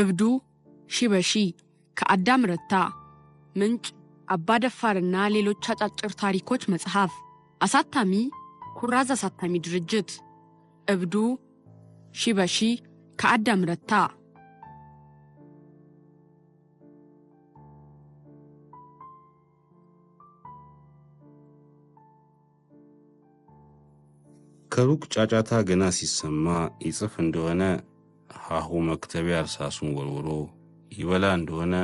እብዱ ሺበሺ ከአዳም ረታ ምንጭ አባደፋርና ሌሎች አጫጭር ታሪኮች መጽሐፍ አሳታሚ ኩራዝ አሳታሚ ድርጅት እብዱ ሺበሺ ከአዳም ረታ ከሩቅ ጫጫታ ገና ሲሰማ ይጽፍ እንደሆነ ሀሁ መክተቢያ እርሳሱን ወርውሮ ይበላ እንደሆነ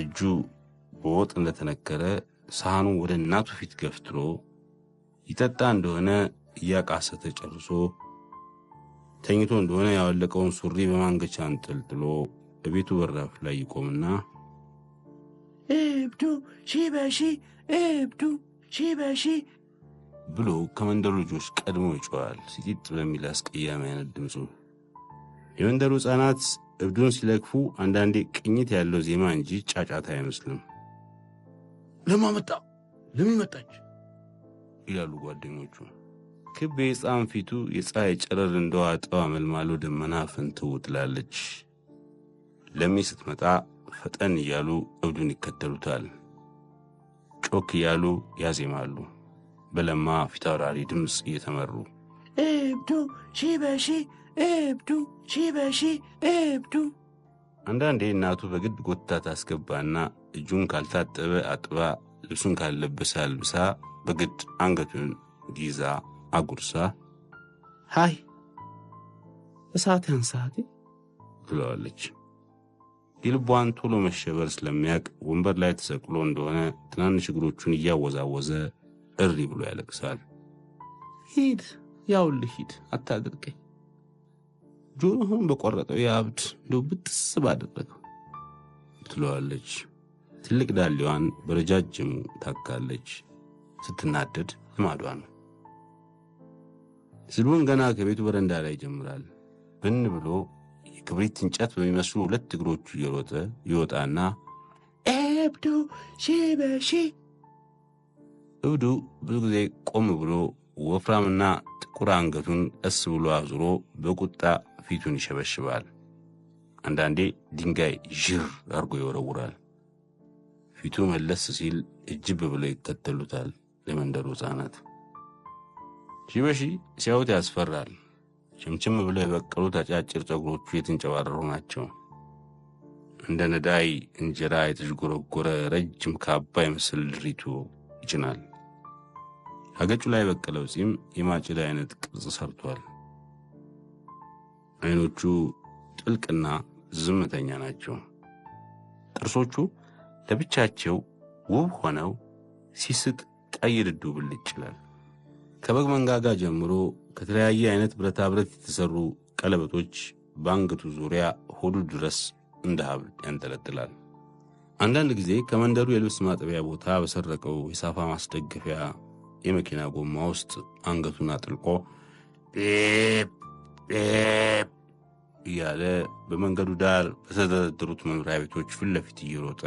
እጁ በወጥ እንደተነከረ ሳህኑ ወደ እናቱ ፊት ገፍትሮ ይጠጣ እንደሆነ እያቃሰተ ጨርሶ ተኝቶ እንደሆነ ያወለቀውን ሱሪ በማንገቻ አንጠልጥሎ በቤቱ በራፍ ላይ ይቆምና እብዱ ሺህ በሺ እብዱ በሺ ብሎ ከመንደሩ ልጆች ቀድሞ ይጮዋል። ሲጢጥ በሚል አስቀያሚ አይነት ድምፁ የመንደሩ ሕፃናት እብዱን ሲለክፉ አንዳንዴ ቅኝት ያለው ዜማ እንጂ ጫጫታ አይመስልም። ለማመጣ ለምን መጣች ይላሉ ጓደኞቹ። ክብ የሕፃን ፊቱ የፀሐይ ጨረር እንደዋጠው አመልማሎ ደመና ፍንትው ትላለች። ለሚ ስትመጣ ፈጠን እያሉ እብዱን ይከተሉታል። ጮክ እያሉ ያዜማሉ፣ በለማ ፊታውራሪ ድምፅ እየተመሩ እብዱ ሺ በሺ እብዱ ሺ በሺ እብዱ። አንዳንዴ እናቱ በግድ ጎታ ታስገባና እጁን ካልታጠበ አጥባ፣ ልብሱን ካልለበሰ አልብሳ፣ በግድ አንገቱን ጊዛ አጉርሳ ሃይ እሳት ያንሳት ትለዋለች። የልቧን ቶሎ መሸበር ስለሚያውቅ ወንበር ላይ ተሰቅሎ እንደሆነ ትናንሽ እግሮቹን እያወዛወዘ እሪ ብሎ ያለቅሳል። ሂድ፣ ያውልህ ሂድ፣ አታድርቀኝ ጆሮህን በቆረጠው የአብድ እንደው ብጥስ ባደረገው ትለዋለች። ትልቅ ዳሌዋን በረጃጅሙ ታካለች። ስትናደድ ልማዷ ነው። ስድቡን ገና ከቤቱ በረንዳ ላይ ይጀምራል። ብን ብሎ የክብሪት እንጨት በሚመስሉ ሁለት እግሮቹ እየሮጠ ይወጣና እብዱ ሺበሺ እብዱ ብዙ ጊዜ ቆም ብሎ ወፍራምና ጥቁር አንገቱን ቀስ ብሎ አዙሮ በቁጣ ፊቱን ይሸበሽባል። አንዳንዴ ድንጋይ ዥር አርጎ ይወረውራል። ፊቱ መለስ ሲል እጅብ ብሎ ይከተሉታል የመንደሩ ሕፃናት። ሺበሺ ሲያዩት ያስፈራል። ችምችም ብለው የበቀሉት አጫጭር ጸጉሮቹ የተንጨባረሩ ናቸው። እንደ ነዳይ እንጀራ የተዥጎረጎረ ረጅም ካባ የመሰለ ድሪቱ ይጭናል። አገጩ ላይ የበቀለው ፂም የማጭድ አይነት ቅርጽ ሰርቷል። አይኖቹ ጥልቅና ዝምተኛ ናቸው። ጥርሶቹ ለብቻቸው ውብ ሆነው ሲስቅ ቀይ ድዱ ብልጭ ይላል። ከበግ መንጋጋ ጀምሮ ከተለያየ አይነት ብረታ ብረት የተሰሩ ቀለበቶች በአንገቱ ዙሪያ ሆዱ ድረስ እንደ ሀብል ያንጠለጥላል። አንዳንድ ጊዜ ከመንደሩ የልብስ ማጠቢያ ቦታ በሰረቀው የሳፋ ማስደገፊያ የመኪና ጎማ ውስጥ አንገቱን አጥልቆ ፒፕ እያለ በመንገዱ ዳር በተደረደሩት መኖሪያ ቤቶች ፊት ለፊት እየሮጠ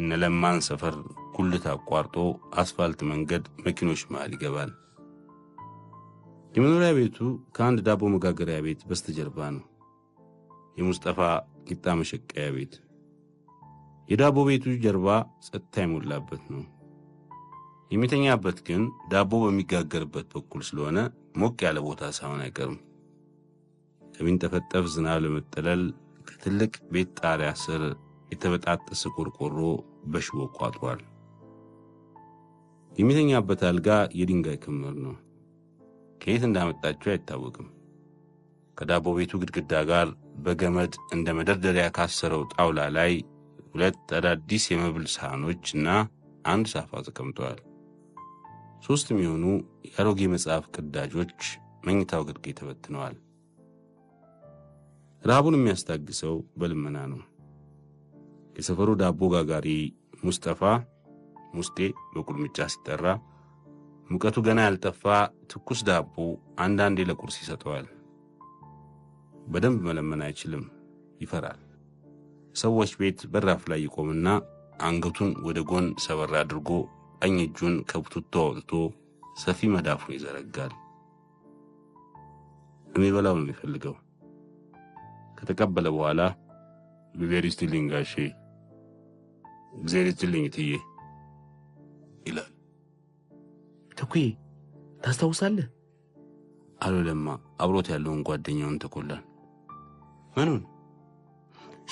እነለማን ሰፈር ጉልት አቋርጦ አስፋልት መንገድ መኪኖች መሃል ይገባል። የመኖሪያ ቤቱ ከአንድ ዳቦ መጋገሪያ ቤት በስተጀርባ ነው። የሙስጠፋ ቂጣ መሸቀያ ቤት የዳቦ ቤቱ ጀርባ ጸጥታ የሞላበት ነው። የሚተኛበት ግን ዳቦ በሚጋገርበት በኩል ስለሆነ ሞቅ ያለ ቦታ ሳይሆን አይቀርም። ከሚንጠፈጠፍ ዝናብ ለመጠለል ከትልቅ ቤት ጣሪያ ስር የተበጣጠሰ ቆርቆሮ በሽቦ ቋጥሯል። የሚተኛበት አልጋ የድንጋይ ክምር ነው። ከየት እንዳመጣቸው አይታወቅም። ከዳቦ ቤቱ ግድግዳ ጋር በገመድ እንደ መደርደሪያ ካሰረው ጣውላ ላይ ሁለት አዳዲስ የመብል ሳህኖች እና አንድ ሳፋ ተቀምጠዋል። ሦስት የሚሆኑ የአሮጌ መጽሐፍ ቅዳጆች መኝታው ግርጌ ተበትነዋል። ረሃቡን የሚያስታግሰው በልመና ነው። የሰፈሩ ዳቦ ጋጋሪ ሙስጠፋ ሙስጤ በቁልምጫ ሲጠራ ሙቀቱ ገና ያልጠፋ ትኩስ ዳቦ አንዳንዴ ለቁርስ ይሰጠዋል። በደንብ መለመን አይችልም፣ ይፈራል። ሰዎች ቤት በራፍ ላይ ይቆምና አንገቱን ወደ ጎን ሰበር አድርጎ ቀኝ እጁን ከብቱቶ አውጥቶ ሰፊ መዳፉን ይዘረጋል። የሚበላው ነው የሚፈልገው። ከተቀበለ በኋላ እግዚአብሔር ይስጥልኝ ጋሼ፣ እግዚአብሔር ይስጥልኝ እትዬ ይላል። ተኩዬ ታስታውሳለህ? አሎ ለማ አብሮት ያለውን ጓደኛውን ተኮላን። ምኑን?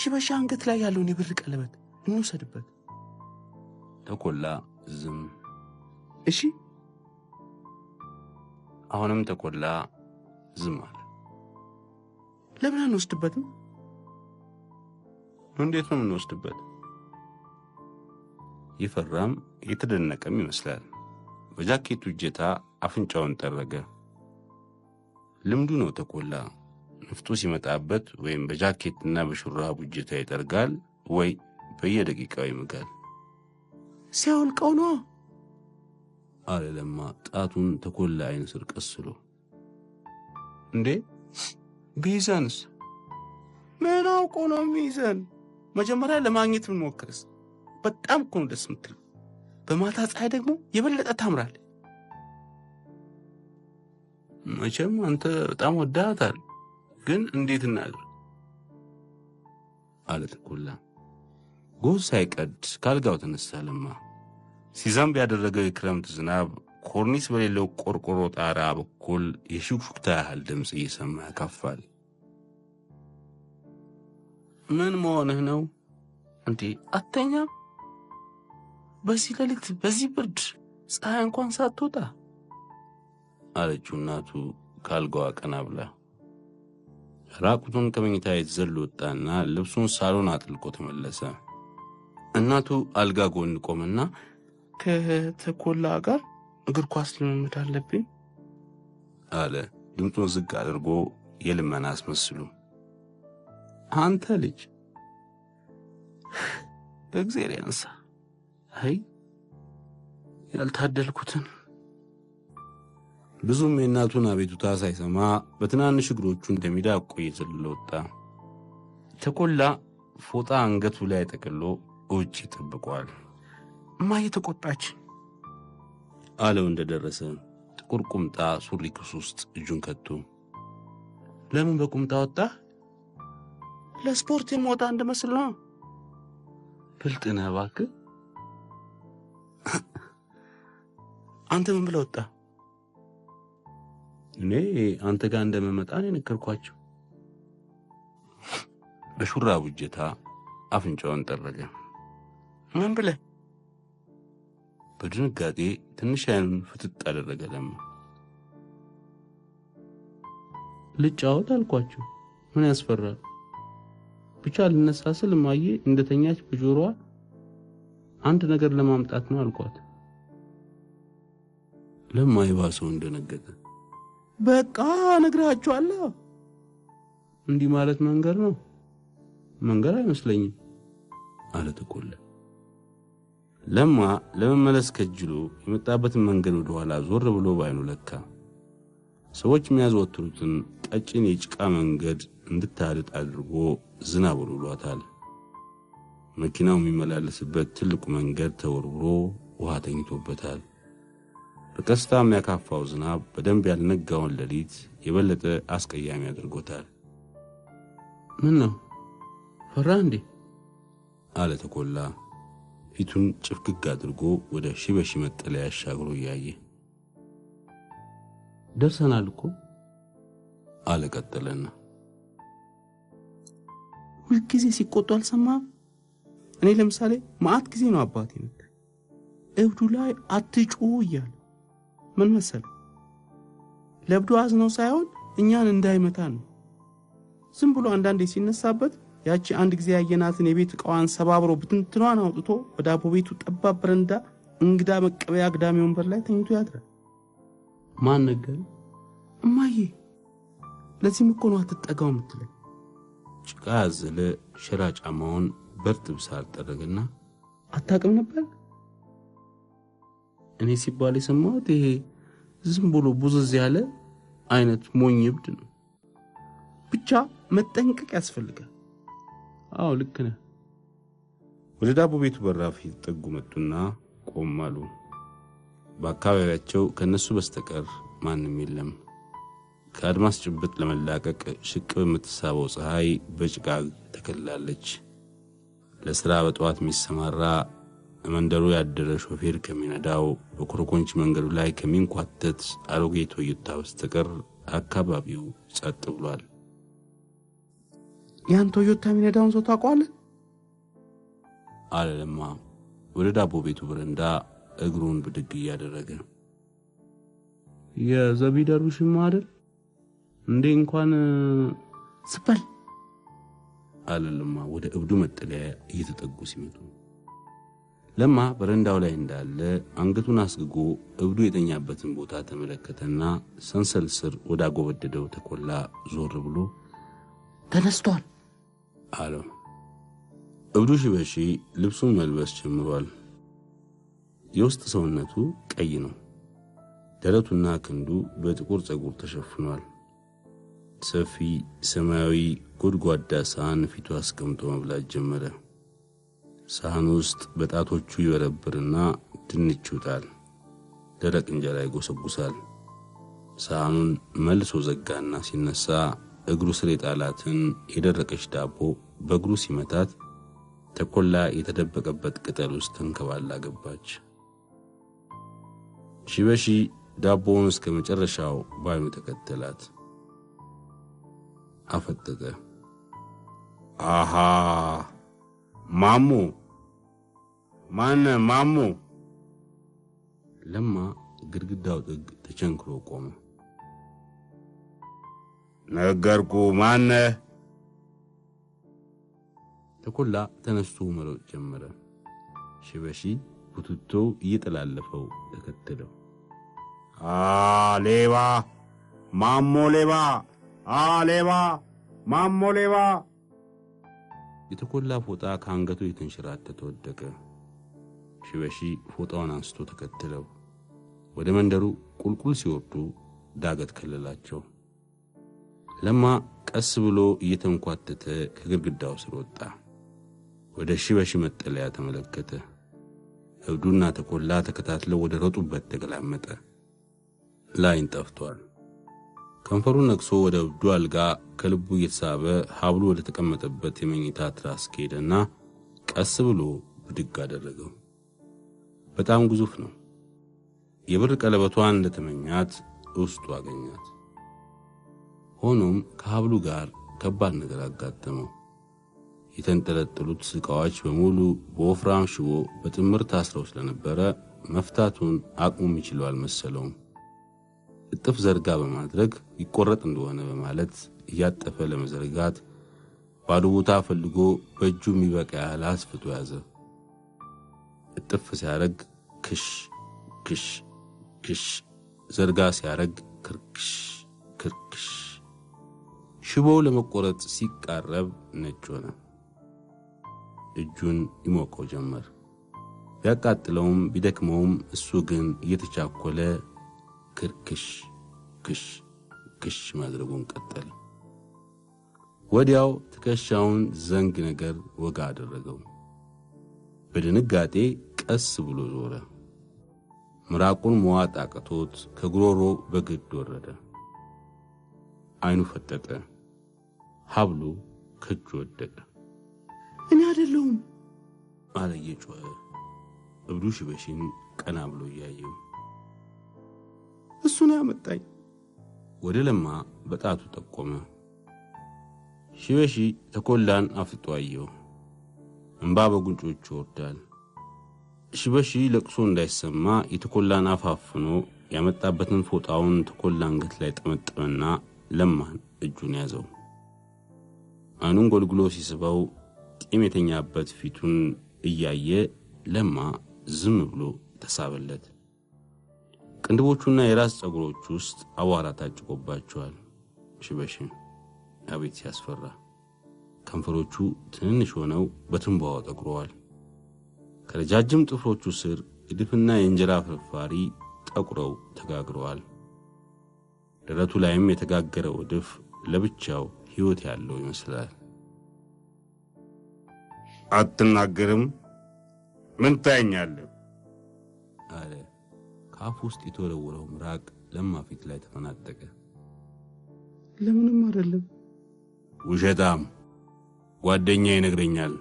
ሽበሻ አንገት ላይ ያለውን የብር ቀለበት እንውሰድበት። ተኮላ ዝም። እሺ። አሁንም ተኮላ ዝም አለ። ለምን አንወስድበትም? እንዴት ነው የምንወስድበት? ይፈራም የተደነቀም ይመስላል። በጃኬቱ እጀታ አፍንጫውን ጠረገ። ልምዱ ነው ተኮላ። ንፍጡ ሲመጣበት ወይም በጃኬትና በሹራቡ እጀታ ይጠርጋል ወይ በየደቂቃው ይምጋል። ሲያወልቀው ነው አለ ለማ ጣቱን ተኮላ አይን ስር ቀስሎ። እንዴ ቢይዘንስ? ምን አውቆ ነው የሚይዘን? መጀመሪያ ለማግኘት ብንሞክርስ? በጣም እኮ ነው ደስ የምትል። በማታ ፀሐይ ደግሞ የበለጠ ታምራል። መቼም አንተ በጣም ወዳታል፣ ግን እንዴት እናድር አለ ተኩላ። ጎህ ሳይቀድ ካልጋው ተነሳ ለማ። ሲዘንብ ያደረገው የክረምት ዝናብ ኮርኒስ በሌለው ቆርቆሮ ጣራ በኩል የሹክሹክታ ያህል ድምፅ እየሰማ ያካፋል። ምን መሆንህ ነው እንዴ? አተኛም? በዚህ ሌሊት በዚህ ብርድ ፀሐይ እንኳን ሳትወጣ አለችው እናቱ ካልጋዋ ቀና ብላ። ራቁቱን ከመኝታ የተዘሉ ወጣና ልብሱን ሳሎን አጥልቆ ተመለሰ። እናቱ አልጋ ጎን ቆምና ከተኮላ ጋር እግር ኳስ ልምምድ አለብኝ አለ ድምፁን ዝግ አድርጎ የልመና አስመስሉ። አንተ ልጅ ለእግዜር ያንሳ። አይ ያልታደልኩትን ብዙም የእናቱን አቤቱታ ሳይሰማ በትናንሽ እግሮቹ እንደሚዳቆ እየዘለለ ወጣ። ተቆላ ፎጣ አንገቱ ላይ ጠቅሎ ውጭ ይጠብቋል። እማዬ ተቆጣች አለው እንደደረሰ። ጥቁር ቁምጣ ሱሪ ክስ ውስጥ እጁን ከቶ ለምን በቁምጣ ወጣ ለስፖርት የምወጣ እንድመስል ነው። ብልጥ ነህ እባክህ። አንተ ምን ብለህ ወጣ? እኔ አንተ ጋር እንደምመጣ ነው የነገርኳቸው። በሹራቡ እጀታ አፍንጫውን ጠረገ። ምን ብለህ? በድንጋጤ ትንሽ አይኑን ፍጥጥ አደረገ። ለማ ልጫወት አልኳችሁ። ምን ያስፈራል? ብቻ ልነሳ ስል እማዬ እንደተኛች በጆሮዋ አንድ ነገር ለማምጣት ነው አልኳት። ለማይባ ሰው እንደነገጠ በቃ ነግራችኋለሁ። እንዲህ ማለት መንገር ነው? መንገር አይመስለኝም አለ ተኮለ። ለማ ለመመለስ ከጅሎ የመጣበትን መንገድ ወደ ኋላ ዞር ብሎ ባይኑ ለካ ሰዎች የሚያዘወትሩትን ቀጭን የጭቃ መንገድ እንድታልጥ አድርጎ ዝናብ ወልውሏታል። መኪናው የሚመላለስበት ትልቁ መንገድ ተወርውሮ ውሃ ተኝቶበታል። በቀስታ የሚያካፋው ዝናብ በደንብ ያልነጋውን ሌሊት የበለጠ አስቀያሚ አድርጎታል። ምን ነው ፈራ እንዴ? አለ ተኮላ ፊቱን ጭፍግግ አድርጎ ወደ ሺበሺ መጠለያ አሻግሮ እያየ ደርሰናል እኮ አለ ቀጠለና ሁልጊዜ ሲቆጡ አልሰማም። እኔ ለምሳሌ ማአት ጊዜ ነው አባት ነበር እብዱ ላይ አትጩ እያለ ምን መሰለ ለእብዱ አዝነው ሳይሆን እኛን እንዳይመታ ነው። ዝም ብሎ አንዳንዴ ሲነሳበት ያቺ አንድ ጊዜ ያየናትን የቤት እቃዋን ሰባብሮ ብትንትኗን አውጥቶ በዳቦ ቤቱ ጠባብ በረንዳ እንግዳ መቀበያ አግዳሚ ወንበር ላይ ተኝቶ ያድራል። ማን ነገር እማዬ ለዚህም እኮ ነው አትጠጋው የምትለኝ። ጭቃ ያዘለ ሸራ ጫማውን በርጥብ ሳር ጠረገና አታውቅም ነበር? እኔ ሲባል የሰማሁት ይሄ ዝም ብሎ ቡዝዝ ያለ አይነት ሞኝ እብድ ነው። ብቻ መጠንቀቅ ያስፈልጋል። አዎ ልክ ነህ። ወደ ዳቦ ቤቱ በራፍ ጠጉ መጡና ቆም አሉ። በአካባቢያቸው ከነሱ በስተቀር ማንም የለም። ከአድማስ ጭብጥ ለመላቀቅ ሽቅብ የምትሳበው ፀሐይ በጭጋግ ተከልላለች። ለሥራ በጠዋት የሚሰማራ መንደሩ ያደረ ሾፌር ከሚነዳው በኮረኮንች መንገዱ ላይ ከሚንኳተት አሮጌ ቶዮታ በስተቀር አካባቢው ጸጥ ብሏል። ያን ቶዮታ የሚነዳውን ሰው ታውቀዋለህ? አለለማ ወደ ዳቦ ቤቱ በረንዳ እግሩን ብድግ እያደረገ የዘቢደሩ ሽማ አይደል? እንዴ እንኳን ስበል አለልማ ወደ እብዱ መጠለያ እየተጠጉ ሲመጡ ለማ በረንዳው ላይ እንዳለ አንገቱን አስግጎ እብዱ የተኛበትን ቦታ ተመለከተና ሰንሰል ስር ወዳጎበደደው ተኮላ ዞር ብሎ ተነስቷል አለው። እብዱ ሽበሺ ልብሱን መልበስ ጀምሯል። የውስጥ ሰውነቱ ቀይ ነው። ደረቱና ክንዱ በጥቁር ፀጉር ተሸፍኗል። ሰፊ ሰማያዊ ጎድጓዳ ሳህን ፊቱ አስቀምጦ መብላት ጀመረ። ሳህን ውስጥ በጣቶቹ ይበረብርና ድንች ይውጣል። ደረቅ እንጀራ ይጎሰጉሳል። ሳህኑን መልሶ ዘጋና ሲነሳ እግሩ ስር የጣላትን የደረቀች ዳቦ በእግሩ ሲመታት ተኮላ የተደበቀበት ቅጠል ውስጥ ተንከባላ ገባች። ሺበሺ ዳቦውን እስከ መጨረሻው ባይኑ ተከተላት። አፈጠጠ። አሃ ማሙ ማነ ማሙ። ለማ ግድግዳው ጥግ ተቸንክሮ ቆመ። ነገርኩ ማነ። ተኮላ ተነስቶ መሮጥ ጀመረ። ሽበሺ ቡትቶ እየጠላለፈው ተከተለው። ሌባ ማሞ ሌባ አሌባ ማሞ ሌባ። የተኮላ ፎጣ ከአንገቱ የተንሸራተተ ወደቀ። ሽበሺ ፎጣውን አንስቶ ተከትለው ወደ መንደሩ ቁልቁል ሲወርዱ ዳገት ከለላቸው። ለማ ቀስ ብሎ እየተንኳተተ ከግድግዳው ስር ወጣ። ወደ ሽበሺ መጠለያ ተመለከተ። እብዱና ተኮላ ተከታትለው ወደ ሮጡበት ተገላመጠ። ላይን ጠፍቷል። ከንፈሩ ነቅሶ ወደ እብዱ አልጋ ከልቡ እየተሳበ ሀብሉ ወደ ተቀመጠበት የመኝታ ትራስ ከሄደና ቀስ ብሎ ብድግ አደረገው። በጣም ግዙፍ ነው። የብር ቀለበቷን እንደተመኛት ውስጡ አገኛት። ሆኖም ከሀብሉ ጋር ከባድ ነገር አጋጠመው። የተንጠለጠሉት ዕቃዎች በሙሉ በወፍራም ሽቦ በጥምር ታስረው ስለነበረ መፍታቱን አቅሙም ይችለው አልመሰለውም። እጥፍ ዘርጋ በማድረግ ይቆረጥ እንደሆነ በማለት እያጠፈ ለመዘርጋት ባዶ ቦታ ፈልጎ በእጁ የሚበቃ ያህል አስፍቶ ያዘ። እጥፍ ሲያደርግ ክሽ ክሽ ክሽ፣ ዘርጋ ሲያደርግ ክርክሽ ክርክሽ። ሽቦው ለመቆረጥ ሲቃረብ ነጭ ሆነ። እጁን ይሞቀው ጀመር። ቢያቃጥለውም ቢደክመውም እሱ ግን እየተቻኮለ ክርክሽ ክሽ ክሽ ማድረጉን ቀጠለ። ወዲያው ትከሻውን ዘንግ ነገር ወጋ አደረገው። በድንጋጤ ቀስ ብሎ ዞረ። ምራቁን መዋጥ አቅቶት ከጉሮሮ በግድ ወረደ። አይኑ ፈጠጠ። ሀብሉ ከእጁ ወደቀ። እኔ አይደለሁም አለ እየጮኸ። እብዱ ሽበሽን ቀና ብሎ እያየው እሱ ነው ያመጣኝ። ወደ ለማ በጣቱ ጠቆመ። ሺበሺ ተኮላን አፍጦ አየው። እምባ በጉንጮቹ ይወርዳል። ሺበሺ ለቅሶ እንዳይሰማ የተኮላን አፋፍኖ ያመጣበትን ፎጣውን ተኮላ አንገት ላይ ጠመጠመና ለማን እጁን ያዘው። አይኑን ጎልግሎ ሲስበው ቂም የተኛበት ፊቱን እያየ ለማ ዝም ብሎ ተሳበለት። ቅንድቦቹና የራስ ጸጉሮቹ ውስጥ አቧራ ታጭቆባቸዋል። ሽበሽ አቤት ሲያስፈራ! ከንፈሮቹ ትንንሽ ሆነው በትንባዋ ጠቁረዋል። ከረጃጅም ጥፍሮቹ ስር የድፍና የእንጀራ ፍርፋሪ ጠቁረው ተጋግረዋል። ደረቱ ላይም የተጋገረው ድፍ ለብቻው ሕይወት ያለው ይመስላል። አትናገርም? ምን ታየኛለህ? አለ አፍ ውስጥ የተወረወረው ምራቅ ለማ ፊት ላይ ተፈናጠቀ። ለምንም አይደለም። ውሸታም ጓደኛ ይነግረኛል።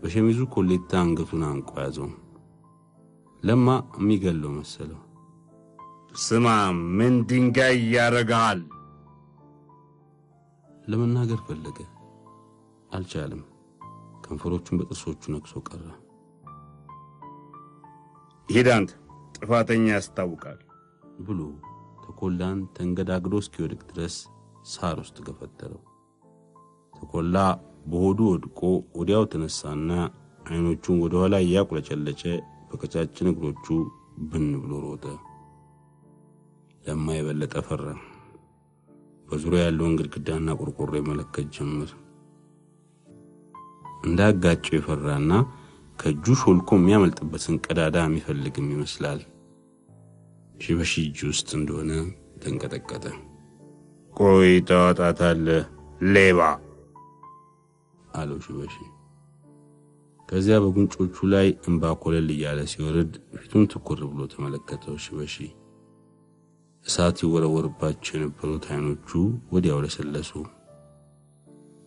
በሸሚዙ ኮሌታ አንገቱን አንቆ ያዘው። ለማ የሚገለው መሰለው። ስማ፣ ምን ድንጋይ ያረጋል? ለመናገር ፈለገ፣ አልቻለም። ከንፈሮቹን በጥርሶቹ ነክሶ ቀረ። ሂድ አንተ። ጥፋተኛ ያስታውቃል ብሎ ተኮላን ተንገዳግዶ እስኪወድቅ ድረስ ሳር ውስጥ ገፈተረው። ተኮላ በሆዱ ወድቆ ወዲያው ተነሳና አይኖቹን ወደ ኋላ እያቁለጨለጨ በቀጫጭን እግሮቹ ብን ብሎ ሮጠ። ለማ የበለጠ ፈራ። በዙሪያ ያለውን ግድግዳና ቆርቆሮ የመለከት ጀምር እንዳጋጨው የፈራና ከእጁ ሾልኮ የሚያመልጥበትን ቀዳዳ የሚፈልግም ይመስላል። ሺ እጅ ውስጥ እንደሆነ ተንቀጠቀጠ። ቆይ ታወጣታለህ ሌባ አለው ሽበሽ ከዚያ በጉንጮቹ ላይ እምባ ኮለል እያለ ሲወርድ ፊቱን ትኩር ብሎ ተመለከተው ሽበሺ እሳት ይወረወርባቸው የነበሩት አይኖቹ ወዲያው ለሰለሱ።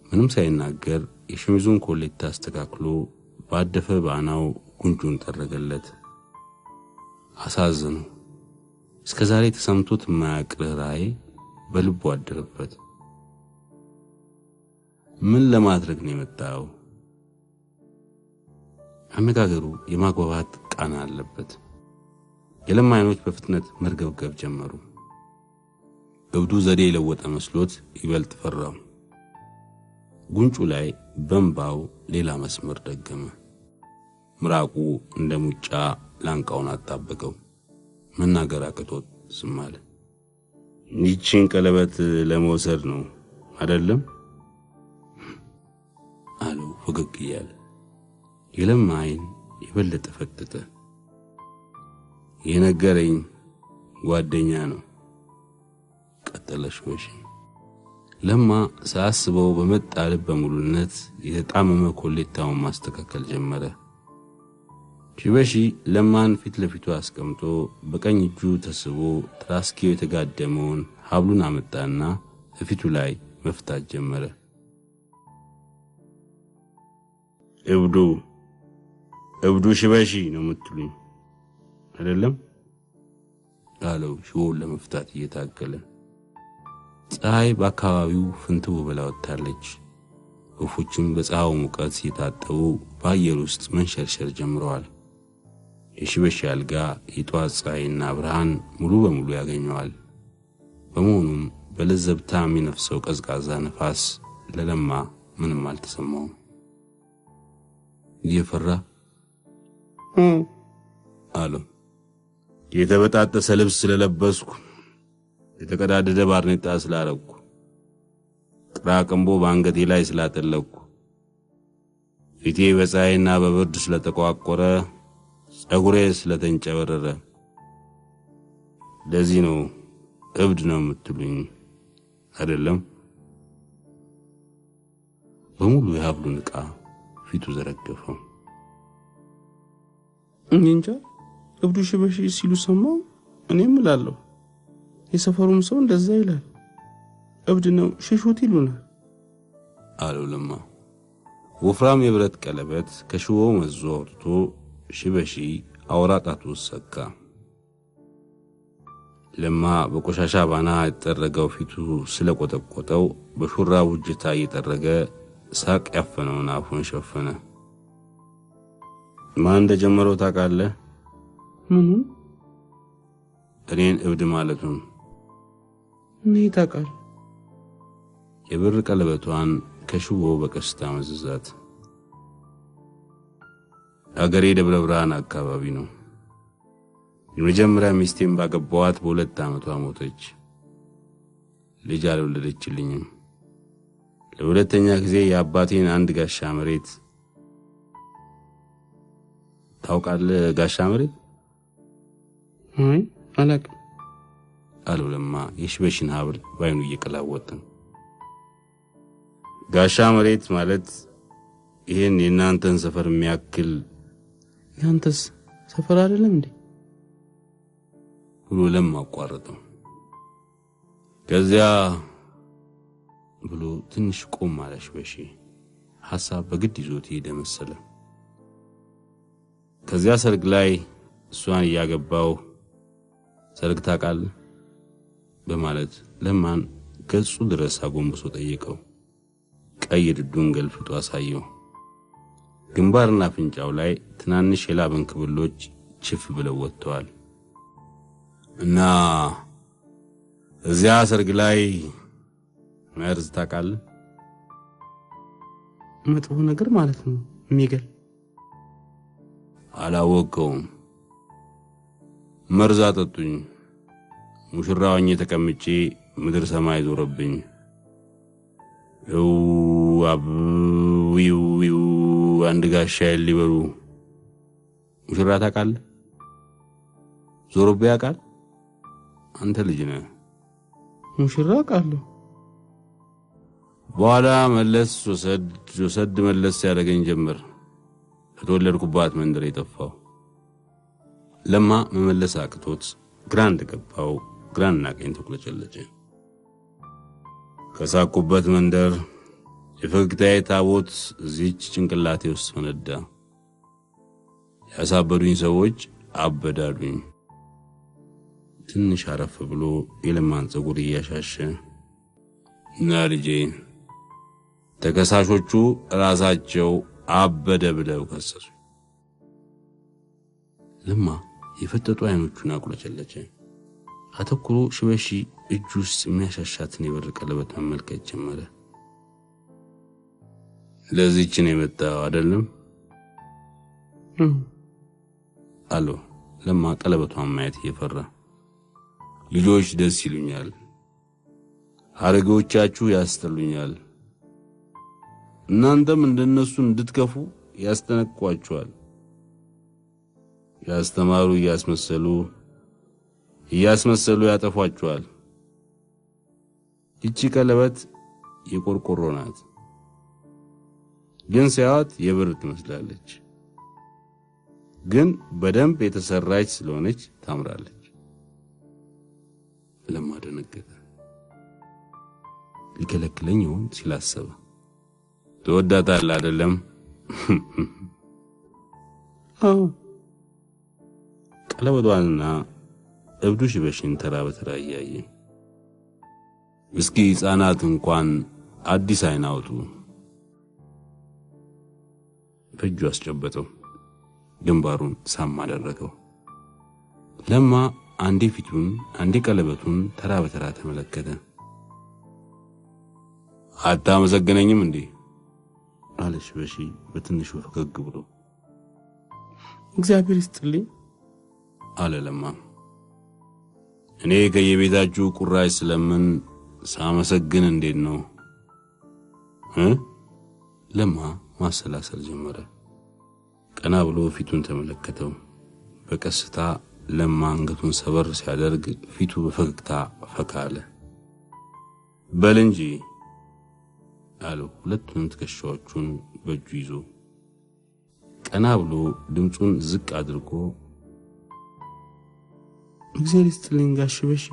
ምንም ሳይናገር የሸሚዙን ኮሌታ አስተካክሎ ባደፈ ባናው ጉንጩን ጠረገለት። አሳዝኑ እስከ ዛሬ ተሰምቶት የማያውቅ ርኅራኄ በልቡ አደረበት። ምን ለማድረግ ነው የመጣው? አነጋገሩ የማግባባት ቃና አለበት። የለማ አይኖች በፍጥነት መርገብገብ ጀመሩ። እብዱ ዘዴ የለወጠ መስሎት ይበልጥ ፈራው። ጉንጩ ላይ በንባው ሌላ መስመር ደገመ። ምራቁ እንደ ሙጫ ላንቃውን አጣበቀው። መናገር አቅቶት ዝም አለ። ይቺን ቀለበት ለመውሰድ ነው አይደለም አለው ፈገግ እያለ። የለማ አይን የበለጠ ፈጠጠ። የነገረኝ ጓደኛ ነው ቀጠለሽ ወሽ ለማ ሳያስበው በመጣ ልብ በሙሉነት የተጣመመ ኮሌታውን ማስተካከል ጀመረ። ሺበሺ ለማን ፊት ለፊቱ አስቀምጦ በቀኝ እጁ ተስቦ ትራስጌው የተጋደመውን ሀብሉን አመጣና እፊቱ ላይ መፍታት ጀመረ። እብዱ እብዱ ሺበሺ ነው የምትሉኝ አይደለም? አለው ሽቦውን ለመፍታት እየታገለ ፀሐይ በአካባቢው ፍንትው ብላ ወጥታለች። ወፎችም በፀሐው ሙቀት ሲታጠቡ በአየር ውስጥ መንሸርሸር ጀምረዋል። የሽበሽ አልጋ የጧት ፀሐይና ብርሃን ሙሉ በሙሉ ያገኘዋል። በመሆኑም በለዘብታ የሚነፍሰው ቀዝቃዛ ነፋስ ለለማ ምንም አልተሰማውም። እየፈራ አለው። የተበጣጠሰ ልብስ ስለለበስኩ የተቀዳደደ ባርኔጣ ስላረኩ፣ ቅራቅንቦ በአንገቴ ላይ ስላጠለቅኩ፣ ፊቴ በፀሐይና በብርድ ስለተቋቆረ፣ ጸጉሬ ስለተንጨበረረ ለዚህ ነው እብድ ነው የምትሉኝ አይደለም? በሙሉ የሀብሉን ዕቃ ፊቱ ዘረገፈው። እንጃ እብዱ ሽበሽ ሲሉ ሰማው። እኔም እላለሁ የሰፈሩም ሰው እንደዛ ይላል። እብድ ነው ሽሹት ይሉናል አሉ ለማ። ወፍራም የብረት ቀለበት ከሽቦ መዞ አውጥቶ ሺ በሺ አውራ ጣቱ ሰካ። ለማ በቆሻሻ ባና የተጠረገው ፊቱ ስለቆጠቆጠው በሹራቡ ውጅታ እየጠረገ ሳቅ ያፈነውን አፉን ሸፈነ። ማን እንደጀመረው ታውቃለህ? ምኑን? እኔን እብድ ማለቱን ምን የብር ቀለበቷን ከሽቦ በቀስታ መዘዛት። ሀገሬ ደብረ ብርሃን አካባቢ ነው። የመጀመሪያ ሚስቴን ባገባዋት በሁለት ዓመቷ ሞተች። ልጅ አልወለደችልኝም። ለሁለተኛ ጊዜ የአባቴን አንድ ጋሻ መሬት ታውቃለህ? ጋሻ መሬት አላውቅም። አለው ለማ የሽበሽን ሀብል ባይኑ እየቀላወጠ ጋሻ መሬት ማለት ይሄን የእናንተን ሰፈር የሚያክል ያንተስ ሰፈር አይደለም እንዴ ብሎ ለማ አቋረጠው። ከዚያ ብሎ ትንሽ ቆም አለሽ በሺ ሐሳብ በግድ ይዞት ሄደ መሰለ። ከዚያ ሰርግ ላይ እሷን እያገባው ሰርግ ታውቃለህ በማለት ለማን ገጹ ድረስ አጎንብሶ ጠየቀው። ቀይ ድዱን ገልፍጦ አሳየው። ግንባርና አፍንጫው ላይ ትናንሽ የላብ እንክብሎች ችፍ ብለው ወጥተዋል። እና እዚያ ሰርግ ላይ መርዝ ታውቃለህ? መጥፎ ነገር ማለት ነው የሚገል አላወቀውም። መርዝ አጠጡኝ ሙሽራ ሆኜ ተቀምጬ ምድር ሰማይ ዞረብኝ። እው አንድ ጋሻ ሊበሉ ሙሽራ ታውቃለህ? ዞሮብህ ያውቃል? አንተ ልጅ ነህ። ሙሽራ አውቃለሁ። በኋላ መለስ ወሰድ ወሰድ መለስ ያደረገኝ ጀምር! ከተወለድኩባት መንደር የጠፋው ለማ መመለስ አቅቶት ግራንድ ገባው። ግራና ቀኝ ተቁለጨለጨ። ከሳቁበት መንደር የፈገግታዬ ታቦት እዚች ጭንቅላቴ ውስጥ ፈነዳ። ያሳበዱኝ ሰዎች አበዳዱኝ። ትንሽ አረፍ ብሎ የለማን ፀጉር እያሻሸ እና ልጄ ተከሳሾቹ ራሳቸው አበደ ብለው ከሰሱ። ለማ የፈጠጡ አይኖቹን አቁለጨለጨ። አተኩሮ ሽበሺ እጁ ውስጥ የሚያሻሻትን የብር ቀለበት መመልከት ጀመረ። ለዚችን የመጣው አይደለም አሎ ለማ ቀለበቷን ማየት እየፈራ ልጆች ደስ ይሉኛል፣ አረጋዎቻችሁ ያስጠሉኛል፣ እናንተም እንደነሱ እንድትከፉ ያስጠነቅቋችኋል። ያስተማሩ እያስመሰሉ እያስመሰሉ ያጠፏቸዋል። ይቺ ቀለበት የቆርቆሮ ናት፣ ግን ሲያዩት የብር ትመስላለች። ግን በደንብ የተሰራች ስለሆነች ታምራለች። ለማ ደነገጠ። ሊከለክለኝ ይሆን ሲላሰበ ትወዳታለህ አይደለም? ቀለበቷንና እብዱ ሽበሽን ተራ በተራ እያየ እስኪ ሕፃናት እንኳን አዲስ አይን አውጡ። በእጁ አስጨበጠው፣ ግንባሩን ሳም አደረገው። ለማ አንዴ ፊቱን አንዴ ቀለበቱን ተራ በተራ ተመለከተ። አታመሰግነኝም እንዴ አለ ሽበሺ በትንሹ ፈገግ ብሎ። እግዚአብሔር ይስጥልኝ አለ ለማ። እኔ ከየቤታችሁ ቁራሽ ስለምን ሳመሰግን እንዴት ነው እ ለማ ማሰላሰል ጀመረ። ቀና ብሎ ፊቱን ተመለከተው። በቀስታ ለማ አንገቱን ሰበር ሲያደርግ ፊቱ በፈገግታ ፈካ አለ። በል እንጂ ሁለቱንም ትከሻዎቹን በእጁ ይዞ ቀና ብሎ ድምፁን ዝቅ አድርጎ እግዚአብሔር ይስጥልኝ ጋሽ በሽ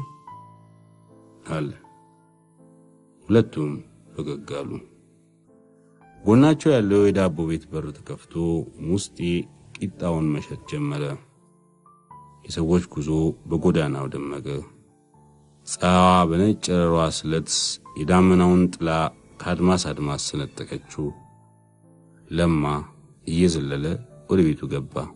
አለ። ሁለቱም ፈገግ አሉ። ጎናቸው ያለው የዳቦ ቤት በር ተከፍቶ ሙስጤ ቂጣውን መሸጥ ጀመረ። የሰዎች ጉዞ በጎዳናው ደመቀ። ፀሐዋ በነጭ ጨረሯ ስለት የዳመናውን ጥላ ከአድማስ አድማስ ሰነጠቀችው። ለማ እየዘለለ ወደ ቤቱ ገባ።